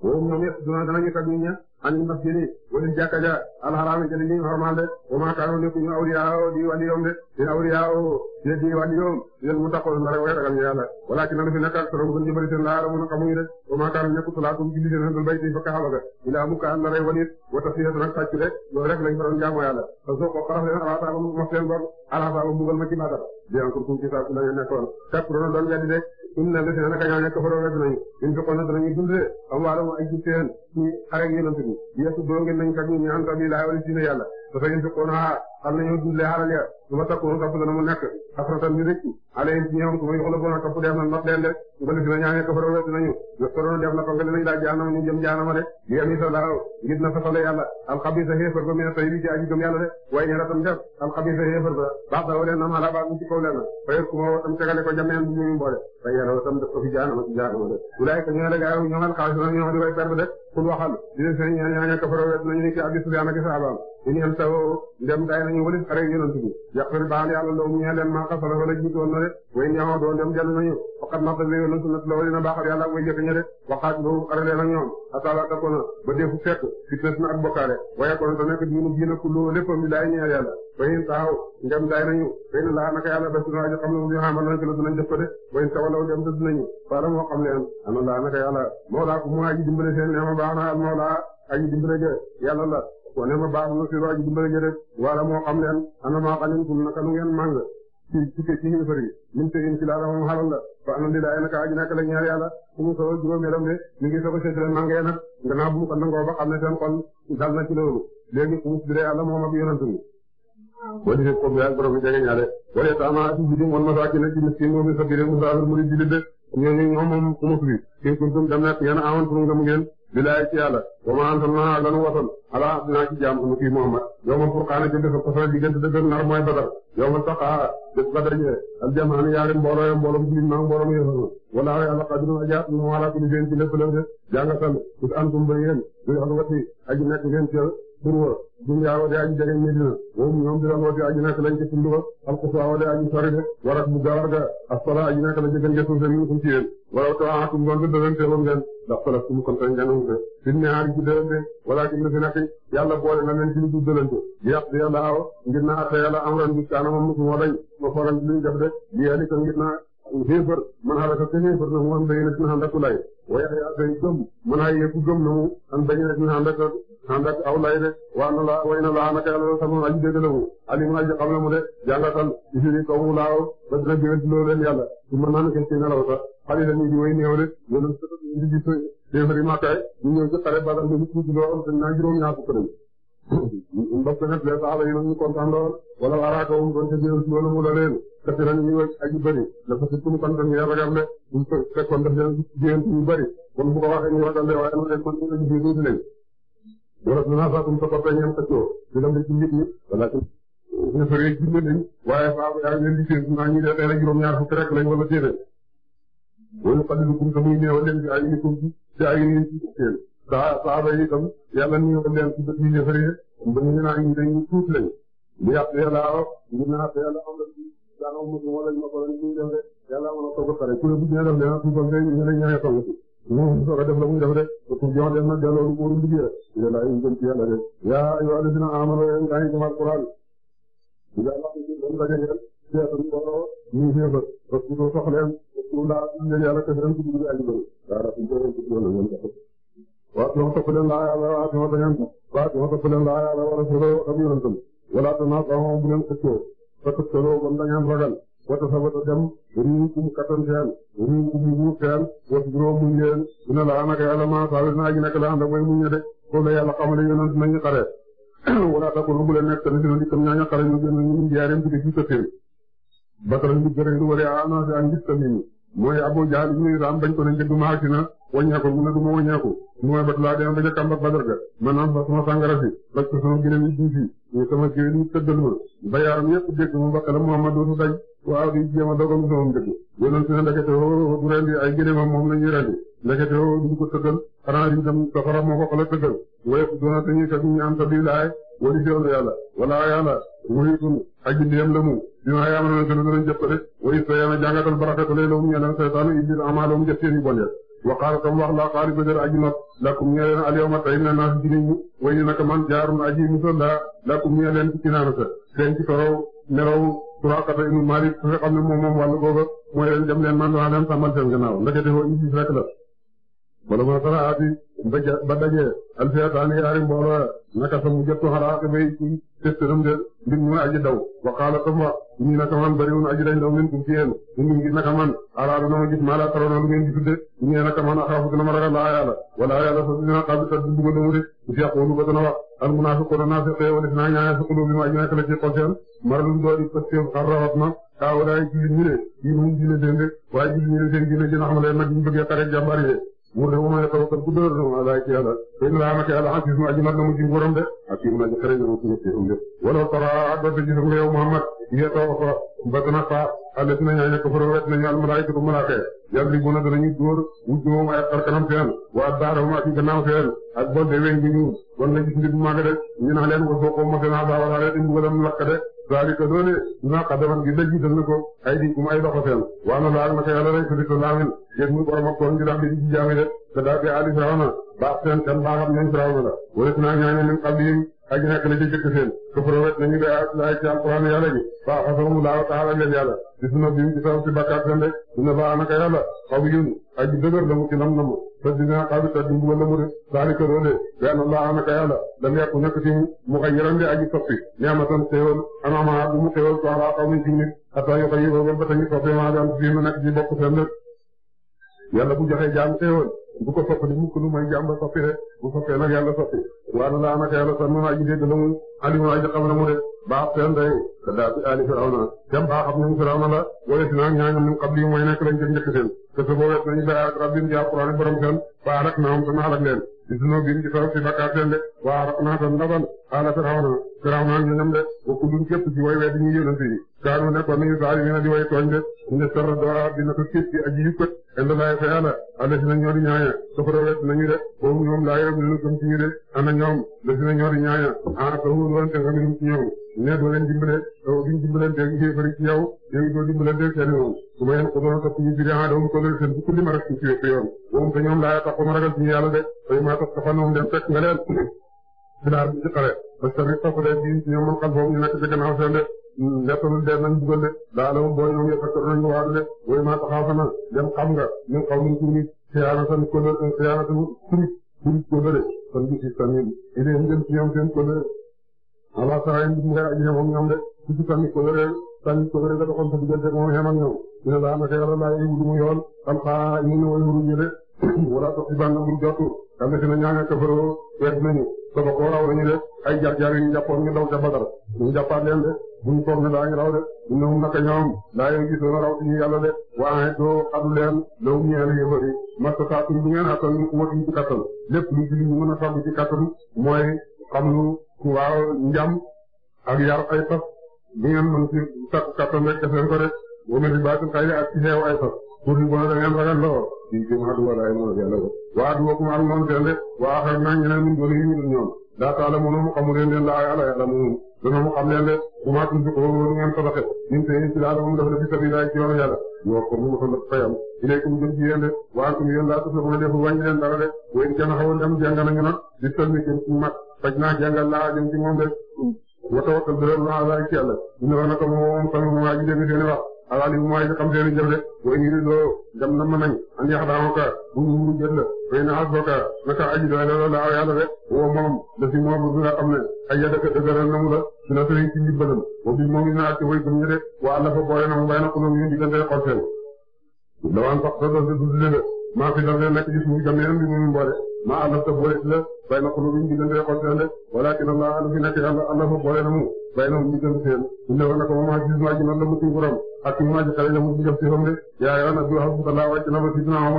S1: boobu ñoom it dina danañu tag ñu ña an ñu mbas jëlee wala jàkka ja alxaraam jëlee ñu xormaal de wa maa kaanu nekkuñu awliyaaw di wali yoom de di awliyaaw di di wali yoom yéen mu taxaw na rek way ñu yàlla wala ci na fi nekk ak soroom gën seen laara mun a xamuñu de wa maa kaanu nekku salaatum julli seen handul bayti fa kaaba ga ilaa mu kaan na lay walit wa tasiyatu nag sàcc de loolu rek lañ fa doon jaamu yàlla fa ko xaraf leen alaata ba mu alaxaaba mbugal ma ci badar bi ankum ci saaku lañu nekkoon kat roona doon weddi de inna lesina naka ñoo nekk faroo weddi nañu in fi koona danañu dundee am waalo mu ay ci teen ci xare yonent bi yeesu doo ngeen nañ kag laay wala dina yàlla dafa yunfiquunahaa xam nañu dundee alal ya su ma takkuwoon topp dana mu nekk xasratan ñu rëcc alayhim ci ñoom su ma yoxla boona topp def na not leen de nga li si na ñaanee ko farowé dinañu yëptoroon def na ko nga dinañ daa jaanam ñu jaanama de li am isa laaw ngir na safale yàlla alxabisa xéefar ba mi ne tay bi ci de waaye ñu ratam def alxabisa xéefar ba baax daw leen ko jameen bu ñu boole fay yàlla tam jaanama ci jaanama de wulaay ko ñoo la gaaw ñoo xal xaalis na ñoo di way perte de kul waxal dina seen ñaan ñaan kafara wet nañu ni ki abi sufyaan ak saabaam in yem tawo ndem day nañu walis xare yonent bi yàqul baal yàlla loo mu ñee leen maa xasala wala jiitoon na de way ñamoo doon dem jàll nañu faqat naqdi yoonu sunnat la walina baaxal yàlla way jëkk ña de waxaat lu arale na ñoom atalata kona ba defu fekk fitnes na ak bokkaale waaye kono te nekk diinu diina kullu léppam laay ñeel yàlla bayin taxaw ngem day nañu bay na laa naka yàlla bas rajo xam ne yoxamal nañ ko la dinañ def ko de bayin tawalaw ngem te dinañu faala moo xam leen ana laa naka yàlla mawlaa ko mu aji dimbale neema baax na al mawlaa aji dimbale ge yàlla la ko neema baax na si aji dimbale ge rek moo xam leen ana maa xalim kum naka lu ngeen ci ci ci yéefar yi min tegin ci laala moom xalal la ba andoon di laaya naka aji nak la ñaar yàlla su mu solo juróomeelam de mi ngi soog a seet leen màngee nag gannaaw bu mu ko nangoo ba xam ne seen xol dal na ci loolu léegi ku mu tuddee yàlla moom ak yonent bi boo defee ko biyaag borom bi jege ñaare wala taama ci bidim wal masakin ci miskin moom sa biir musaafir murid jullit de ñooñu moom moom ku mu tudd in kuntum dem nak ngeen awoon fu mu ngeen bilaay ci yàlla wa ma arsalnaa lanu wasal ala abdinaa ci jaam sunu kii Muhammad yawmal furqaan ci bés ko sa diggante dëgg ak nar mooy Badar yawmal taqaa bés ba dajee aljamaani yaari mbooloo ya mbooloom jullit maa mbooloom yéefar wallaahi ala qadirin ajaat mu ala kulli shay'in ci lépp lépp jàngatal antum ba yéen du yox wati aji nekk ngeen ci turwa dunyaa wa de aji jege Medina moom ñoom di la ngooti aji nekk lañ ci tund ba alxusaa wa de aji sori de warak bu gawar ga aspala aji nekk lañ ci gën gëstu seen ñun ci yéen wala taa akum gonte dërënte loon ngeen ndax pala sum konte ngeen am de fi neaar ci dërënte wala ci fi nekk yàlla boole na leen ci lu du dërënte di yàq di yàlla aw ngir na atte yàlla am ran bis kaana moom musu moo dañ ma fooran ci luñ def de li yàlla ko xéefar man halaka ka xéefar na mu an dañu nekk na ànd ak lay waaye yaa day gëm man ay yëpp gëm na mu an dañu nekk na ànd ak ànd lay de waa na way na laa naka yàlla la samoon aji dégg la aji xam na mu de jàngatal isiri kaw mu laaw ba dina biral loo leen yàlla su mën naa nekkee ci nelaw sax xale way néew de loolu di gis xéefar ñu ñëw ci xare badal nañu tuuti loo am dañ naa juróom ñu kontaan lool wala waaraaka wum doon ca biral loolu la leen te ren ñu aji bëri dafa si suñu kontaan ñu ragal de bu fekkoon daf leen jigéen ñu bëri kon bu ko waxee ñu ragal de waaye nag man ñu ngi ji duuti leen. wala dinaa sax suñu toppatoo ñoom xëccoo di dem di ci nit ñi wala ci ñëfëree gis nañ waaye faaw yaa ngi leen di séen naa ñuy def rek juróom-ñaar fukki rek lañ wala téeméer. loolu xam nañu comme que muy néew leen ci ay unikum ci ci ay unikum ci seen saa saa ba itam yàlla néew leen ci bët yi ñëfëree dañu naan ñu dañu tuuti lañ daanaka mosuma wala ñu ma ko doon ñu def rek yàlla amoon na soog a pare ku ne bu ñu def nee naa suuf ba ngay ñu ne ñaareel la muy def rek te suuf jox leen na delloo lu wóorul liggéey rek. yàlla ay jëm ci yàlla rek yaa ayyuha ngi gëm alquran. ñu daal wax dëgg yàlla daje ngeen seetlu mbooloo ñu seetlu parce que soxla leen parce que laa ngeen yàlla kese ren dugub bi ay bëri. daa rafetlu ko ren dugub la ngeen def. waaw ñoo topp fëtëb sa loo moom dañu am wata sa wata dem riiw kum kattan seen riiw kum nguur seen wat juróom muñ leen dina la anaka yàlla ma saawir naa ji nekk la ànd ak way muñ de loolu la yàlla xamale yonent nañu xare wala takunu bu leen nekk tamit dina dikkam ñaaña xare ñu gën ñu jaareem bi ci sëteen batara ñu gërëm du wala anase ak ngis tamit mooy Abu Jahl ibn Hisham bañ ko ne jëgg ma xaksina waññeeku mu ne du ma mooy bët laa dem ba ca kàmb ak Badar ga maanaam ba sama sàngara si ba ci sama gëlëm yi duusi ñu sama jiw yi tëddal ma ba yaaram yëpp dégg mu bakk la Muhammad dañ waaw di jéem a dogal sama dëgg yonent ne ndekete woo du rendi ay gëlëmam moom la ñuy rendi ndekete woo duñ ko tëddal xanaa di tam safara moo ko ko la wa waaye doona tañuy kat ñu am ta di laay wali fiolu yàlla walaa yàlla muyitun aji ndéem la mu dinaa yaamana na amaa la waqaala tam wax laa a bëgër aji not lakum ñee leen alyawma tey na naa si jiniñu way ni naka man jaarun aji musal la lakum ñee leen ci kinaana sa leen ci torow nelaw Suraaqata ibnu Maalik fi xam ne moom moom wàllu googa mooy leen dem leen man danaa leen sàmmal seen gannaaw ndekete woo Iblis rek la wala a taraati ba daje alfiyataani yaari mbooloo naka sa mu jottu xalaat bay tëstëram de mbir mu aji daw wa qaala tama ñi naka man bariwun aji dañ daw min kum ci yéen ñu ngi naka man araado na ma gis maa la taroona lu ngeen gisudde ñi naka man axaafu dina ma ragal laa yàlla wala yàlla sa dina xabi sa dugg la mu de su yaqulu ba dana wax al munaafiquuna naafiqee wala si naa ñaaya ma aji nekk la ci xol seen na kaa walaay jullit ñu de de waaye jullit ñu de seen dina jëna xamale nag ñu bëggee xare mu ne moom la ko waxal ku dóor moom alaay ci yàlla te ñu laa nekkee ala asis mu aji mat na mu ci nguuram de ak na mu ci ñëpp de ak doon te gis nga yow fa ba sana fa àll si nañu ñekk foro wet nañu al malaayikatu malaaka yàlla bu na danañu dóor wujjoom ay xarkanam seen waa daaram ak gannaaw seen ak bol de weñ bi ñu bon la gis nit mu màgg de ñu naa leen ko soo ko mose naa saa wala leen di mbugalam lakk de zalika loole dina xadaman gi dajji dal na ko ay di kum ay loxo seen waana laag naka yàlla rek di ko laamin yéen muy borom ak toon gi dax di ci jaami de te daa fi ali firawna baax seen kan baaxam nañ firawna la warit naa ñaane min qablihim aji nekk la ci jëkk seen këfër wet nañu be ay ci alquran yàlla ji baax xasamu laaw taxala leen yàlla di suna biim ci saw ci bakkaat seen rek dina baax naka yàlla xawiyun aji dëgër la te dina xaw it a dimbali la mu de daal di doole yàlla laa naka yàlla dañu yàqu nekk ci mu xëy yaram de aji soppi ñaamatam teewal amaama bu mu teewal ko ala xaw ma jiw nit xataa yoo xëy yoo ba tañu soppi maa daan fi mu nekk ci bokk seen lépp yàlla bu joxee jaam teewal bu ko soppi di mukk lu may jaam ba soppi rek bu soppee nag yàlla soppi waaw laa naka yàlla sax mën a ji dégg la mu Aliou maa ji xam la mu de baax seen day te daal di Aliou Firawna dem baax am nañu Firawna la wala si naan ñaañam ñu xam lii mooy nekk lañ jëf njëkk seen te sa boobet nañu a rabbim ci alxuraan borom seen ba alak na am a alak leen di sunu biim ci saw si bakkaar seen de waa alak naa tan ndaban ala firawna firawna ak ñoñam de wa kullum képp ci way weddi ñu yonent yi kaanu nekkoon nañu saalimiina di way tooñ de ñu ne sarra doora dina ko képp ci aji yu kët laay fa yàlla ala si na ñoori ñaaya safara wet nañu de boobu ñoom laa yaram lu gëm ci ñu de ana ñoom la na ñoori ñaaya ana ta huur wante ne doo leen dimbale duñ dimbalanteeg yéefari ci yow yow doo dimbalanteeg seen yoon su ma yéen ko doon topp ñu bidaa doon ko leen seen fukki lima rek ci wépp yoon moom te ñoom laa tax ko ma ragal ci yàlla de tey maa tax dafa noom dem fekk nga leen bilaar bi ci xare parce que topp leen ci ñoom man xal boobu ñu nekk ci gannaaw seen de hmm, nettalul dee nañ dugal de daa la moom boo ñoom yëfakar nañ waadu de way maa taxaw fa na dem xam nga ñu xaw nañ tuuti xiyaana san kol xiyaana san tuuti tuuti kóllëre san bi si samin idée jëm ci ñoom seen kóllëre allah saa yi nga aji xeexoon ñoom de ci ci tamit ko yore tamit ko yore nga doxoon sa diggante moom xem ak ñoom dina laa naka yàlla laa yëngu du mu yoon xam xaa ñu ne way wuru ñu de wala tox ci bànn bul jottu xam dina ñaanga kafaroo wees nañu dafa ko raw nañu de ay jaar jaar yi ñu jàppoon ñu daw ca Badar ñu jàppaat leen de buñ toog ne daa ngi raw de ñu ne naka ñoom laa yëngu gisoon raw ci ñu yàlla de waaye doo xadu leen law ñeel yëfari mastataatum du ngeen attan watuñ ci kattan lépp lu ci ñu mën a fàggu ci kattan mooy xam lu waaw njam ak yar ay fas bu ngeen mën ci kattan rek def leen ko rek boo mel ni baatul xayma ak ci xeew ay fas pour ñu bon da ngeen ragal lool di jëm àdduna wala ay mën yàlla ko. waa du ko maal moom seen de waa xel naa ñu ne ñun doole yi ñu ñoom daa taala mënoo mu xamu leen leen laa yàlla yàlla mënul dana mu xam leen de bu ma tudd ko ngeen ko doxee ñun tey ci daal moom dafa def ci sabi laay ci yoonu yàlla ñoo ko mu ko fayam ilaykum jëm ci yéen de waa kum yéen laa tusa boo def wàññi leen dara de wéen kenn xawoon dem jàngal nañu nag di salmi jëm ci mat faj naa jàngal laa jëm ci moom de mm. wata wakkal dërëm laa laay ci yàlla ñu ne ko nag moom sama waa ji dégg alal yi mooy nga xam seen jëf de wa ñu loo dem na mën nañ an yax daaw ka bu ñu muru jël la fay na asoo ka naka aji doole la la aw yàlla de moom da si moom bi nga xam ne ay ya dëkk dëgëral na mu la su la sëriñ ci njibbalam wa bi moom i na acci way gëm ñu de wa àlla fa boole na mu bay na ko ñu diggante xol seen dawaan sax sa dose bi mu mboole maa àlla sa boole la bay na ko allah fa boole na mu bay na mu diggante seen su a ak ci ma jëkkale mu ngi def ci fam de yaa ayyuhan nabiyyu hasbukallahu wàcc na ba sidina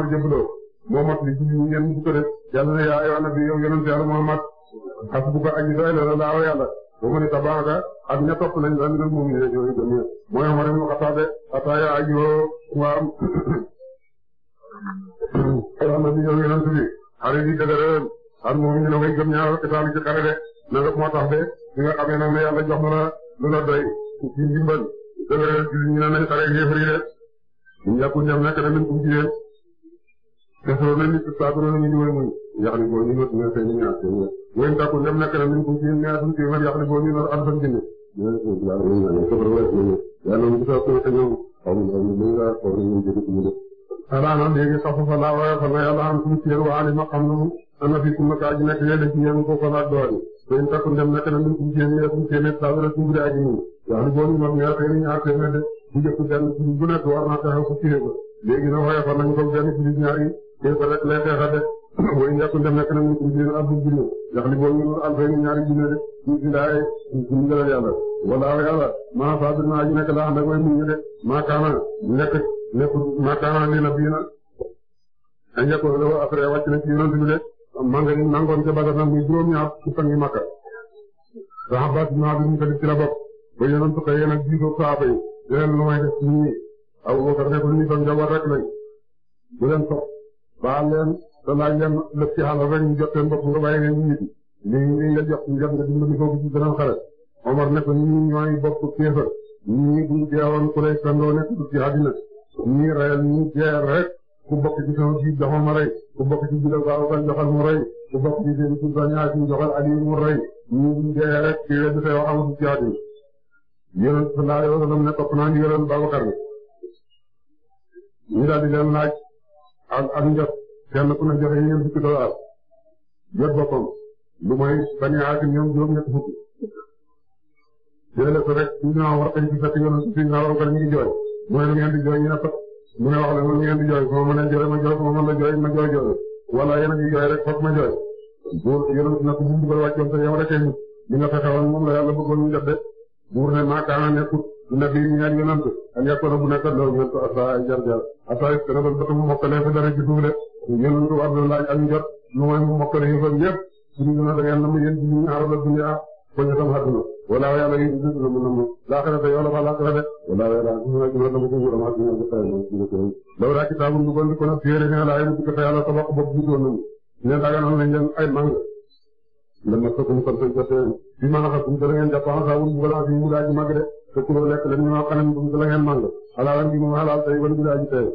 S1: mat li ci ñeent mu ko def yàlla yàlla Muhammad hasbuka aji doy ak ña topp nañ la ngeen moom ne ñooy gëm yéen mooy Omar ibn Khattab ataaya aji woo waa ayyuhan nabiyyu yow yonent bi xale bi dëgëral ak moom ñu ne way gëm ñaar kitaal ci xare de na moo tax de li nga xamee nag ne yàlla jox na la lu la doy ci ndimbal dëgëral ci ñu ne yi de ñu yàqu ñam nekk na min kum ci yéen desaloo nañ nit saakuro na ñu di way muñ yàq ni boo ñu wët ne seen ñaar seen ñaar wéen tàkku ñam nekk na min kum ci yéen ñaar laa xaw ma ñu jënd ci ñu laa na yàlla kum ci yéen waa alima xam na ana fi kum kaa ji nekk yéen ci ñeen ko ko laaj doori wéen tàkku ñam nekk na min kum ci yéen ñaar suñ téeméer saakuro yàlla boole ñoom ñaar xëy na ñaar téeméer de bu njëkk benn puudar bu rek lay xeexa de mooy ndem nekk nañu ko biir ab biir ndax li boole ñu am xëy na ñaari junne de ñu si ndaay yàlla maa faa bi maa ji nekk laa xam ne mooy mu ñu de maa kaana nekk nekk maa kaana li bii na dañ nekk loolu après wàcc na ci yonent bi de maa ngi nangoon ca Badar nag muy juróom-ñaar ci fan Makka sax Abbas ibn Abdul Muttalib ci la bokk ba yonent xëy nag jiitoo leen lu may def ci ñii Abubakar ne ko ñii rek lañ bu leen topp baal leen rek ñu jot seen bopp nga bàyyi leen nit ñi lii nga jot nga dimbali ko ci beneen xale Omar ne ko ñii ñooy bokk kéefër ñii buñ jeewoon ku lay sandoo nekk du ci rek ku bokk ci sama jiib joxal ma rey ku bokk ci biir baaxul kan joxal mu rey ku rek kii rek dafay wax amatu ci àddina yéen sallallahu alayhi wa sallam ne topp naa ndigalam Babakar ñu daal di leen laaj ak ak njot kenn ku ne joxe ñeent fukki dollar mooy bañ a fukki jërëjëf rek ñu dinaa a tëj ci fekk yoonu si si naaw rek ñu ngi jooy mu ne lu ngeen di ñu ne fa mu ne wax ma mënee jooy ma jooy fu a rek foog ma jooy bu yéen a ngi bu mu bëgg a wàccoon te rek a ngi li nga fexe woon moom la yàlla bëggoon ñu def de buur ne maa kaana nekkut nabi ñeel yonent an yakuna bu nekkoon loolu ngeen ko asa ay jar-jar asa it dana doon ba te mu mokkalee fi dara ci duuf de yéen laaj ak njot lu mooy mu mokkale yëfam yëpp suñu dina da ngeen na mu yéen si ñaar la dunya ba ñu tam àdduna wala yàlla yi dina mu na mu laaxira te yow la fa laaxira de wala yàlla dina dina dama ko wuram ak dina ko fay moom dina ko yow loolu daa kitaabu na fiere ne ay bu dama tëkkum kon ko jotee bi ma la xam kum dala ngeen jàpp xasaawul mbugal asim mu daaji de te kuloo lekk leen ñoo xanem kum dala ngeen xalaal tey wala mu daaji tey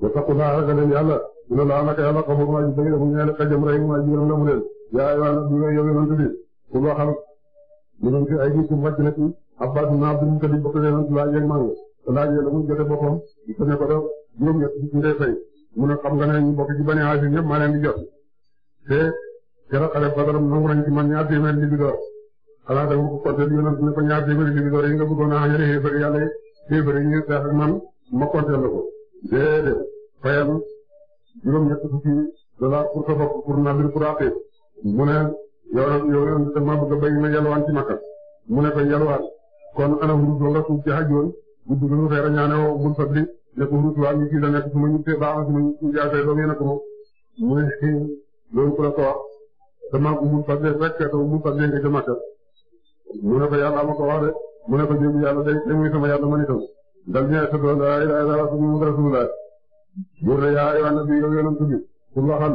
S1: wa taqulaa ragal leen yàlla dina laa naka yàlla xamu maa ji dëgg mu ñeel ka jëm rey maa ji gërëm la mu leen na du la yow mu doon fi ay mu wàcc na ci Abbaas na Abdul Mutalib bokk yonent laaj ak màgg te laaj la mu jote boppam ko ne ko def juróom ñett ci ndey fay mu ne xam nga ne ñu bokk keroog xale Badar nangu nañ ci man ñaar téeméeri libi door xanaa dama ko compter yonent ne ñaar téeméeri libi yi nga bëggoon a yore xeefari yàlla xeefari yi ñu xeex ak man ma compter la ko. déedéet fayam juróom-ñett fukki dollar pour sa bopp pour nabir pour affaire mu ne yow yow yow dama bëgg a béy ma yalwaan ci Makka mu ne ko yalwaan kon ana wurus ba nga suuf ci xajoon bu dugg lu reer a ñaane woo bul fabli ne ko wurus waa ñu ñu tee a damaa umul fadlin rek te umul fadlin nga jëm àkkal mu ne ko yàlla ama ko wax de mu ne ko jéem yàlla day day muy sama yàlla man itam ndax ñooy sa tool daal daal daal suñu rasulullah buur de bi yow yoonam tubi pour nga xam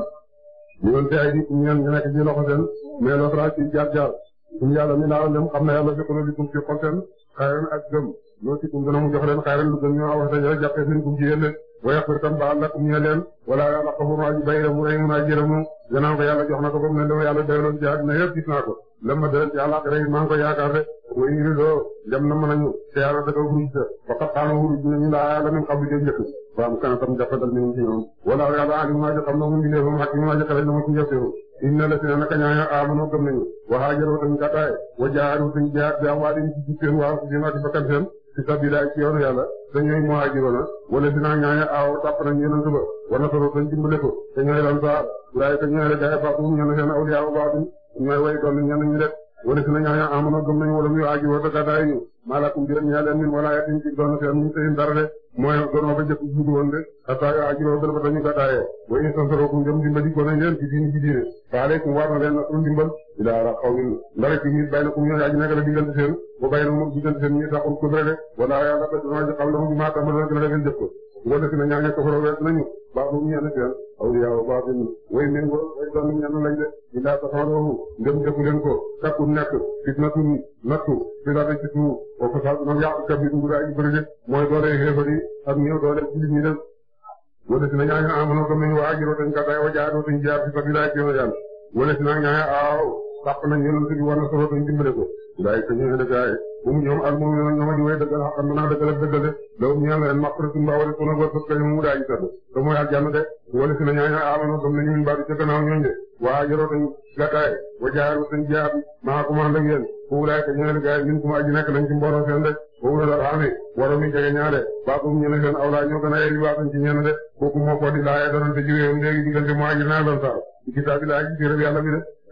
S1: ñu doon tey jii ñu ngeen nekk ci loxo seen mais loolu daal ci jaar jaar suñu yàlla mi laa dem xam na yàlla jox ko li xol seen xayran ak gëm loolu ci kum a mu jox leen xayran lu gën ñoo wax rek jàppee seen kum ci yéen waya ko itam baal la ñu ne leen wala yàlla xamul waa ji béy la mu rëy mun a jërëmu gannaaw ko yàlla jox na ko ba mu ne loo yàlla doyaloon ci àdduna yëpp gis naa ko lëmm dërën ci àllaxira yi maa ngi ko yaakaar de way a doo jam na mën a ñu da ko wuruj sa faqat xaana wuruj ñu laa yàlla xam na mu mbindeefam ak yi maa a xelal na mu ci njëftewu inna la sina naka wa jaadu tañ jaar bi am waa din ci jub seen waa seen ak bakkan seen fi sabilillah ci yoonu yàlla te ñooy muhaajiroona wala dinaa ñaaña aaw tàpp nañ yonent ba war na solo dañ dimbale ko te ñooy lan saa waaye te ñooy la jaay baax ñu ne seen awliya baax ñooy way doon ñenn ñu def wala dina ñaaña amoon gëm nañ wala muy aaji woo te gàddaay ñu maalakum biram ñaa leen min walaayatin ci doon seen ñu seen dara de mooy gannaaw ba njëkk bu woon de attaaya ak juróom benn ba dañu gàddaayee wa in tansurukum dem dimbali ko nañ leen ci diini ci diine fa alaykum war na leen nasru dimbal ilaa ala qawmin ndara ci nit kum ñooñu aji nekk la diggante seen ba bay na mu diggante seen ñi taxul ko de wala yàlla ba dina ci xam la mu maa tax ma dana gën a ragal jëf wala si na ñaaña kafaroo wet nañu baaxum ñenn seen awliyaaw baatin way méngoo way doon ñenn lañ ko takku nekk fitnatun nattu fi la ci suuf wa fasaadun yàqu kabiir nguraay ji bëri mooy doole xeefari ak ñëw doole jullit si na ñaaña amanoo ko min waajiroo dañ ka day wa jaadoo dañ jaar fi si na ñaaña aaw sàq nañ yonent bi war na solo dañ dimbale ko ndaay te ñu dëgg ay bu mu ñoom almu'minuna ñoom ñu way dëggal xam na dëggal ak dëggal de loolu ñeel leen maqratum ba wala sunu wërsëg la mu daaji tëdd te mooy aljanna de wala si na ñaaña amano gëm nañu min baatu ca gannaaw ñooñ de waa yoroo tañ gàttaay wa jaaru tañ jaab maa ko man ak yéen foofu laay te ñeel gaay min kuma aji nekk nañ ci mbooloo seen de foofu la dal xamee waroon mi jege ñaare baatum ñene seen awlaa ñoo gën a yeli baatuñ ci de kooku moo ko di laaya doon te jiwéewam léegi diggante mu aji naa doon saar ci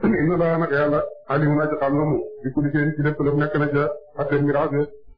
S1: inna laa nag yàlla alimun aji xam na mu bi kulli shay'in ci lépp lépp nekk na ca ak seen miraas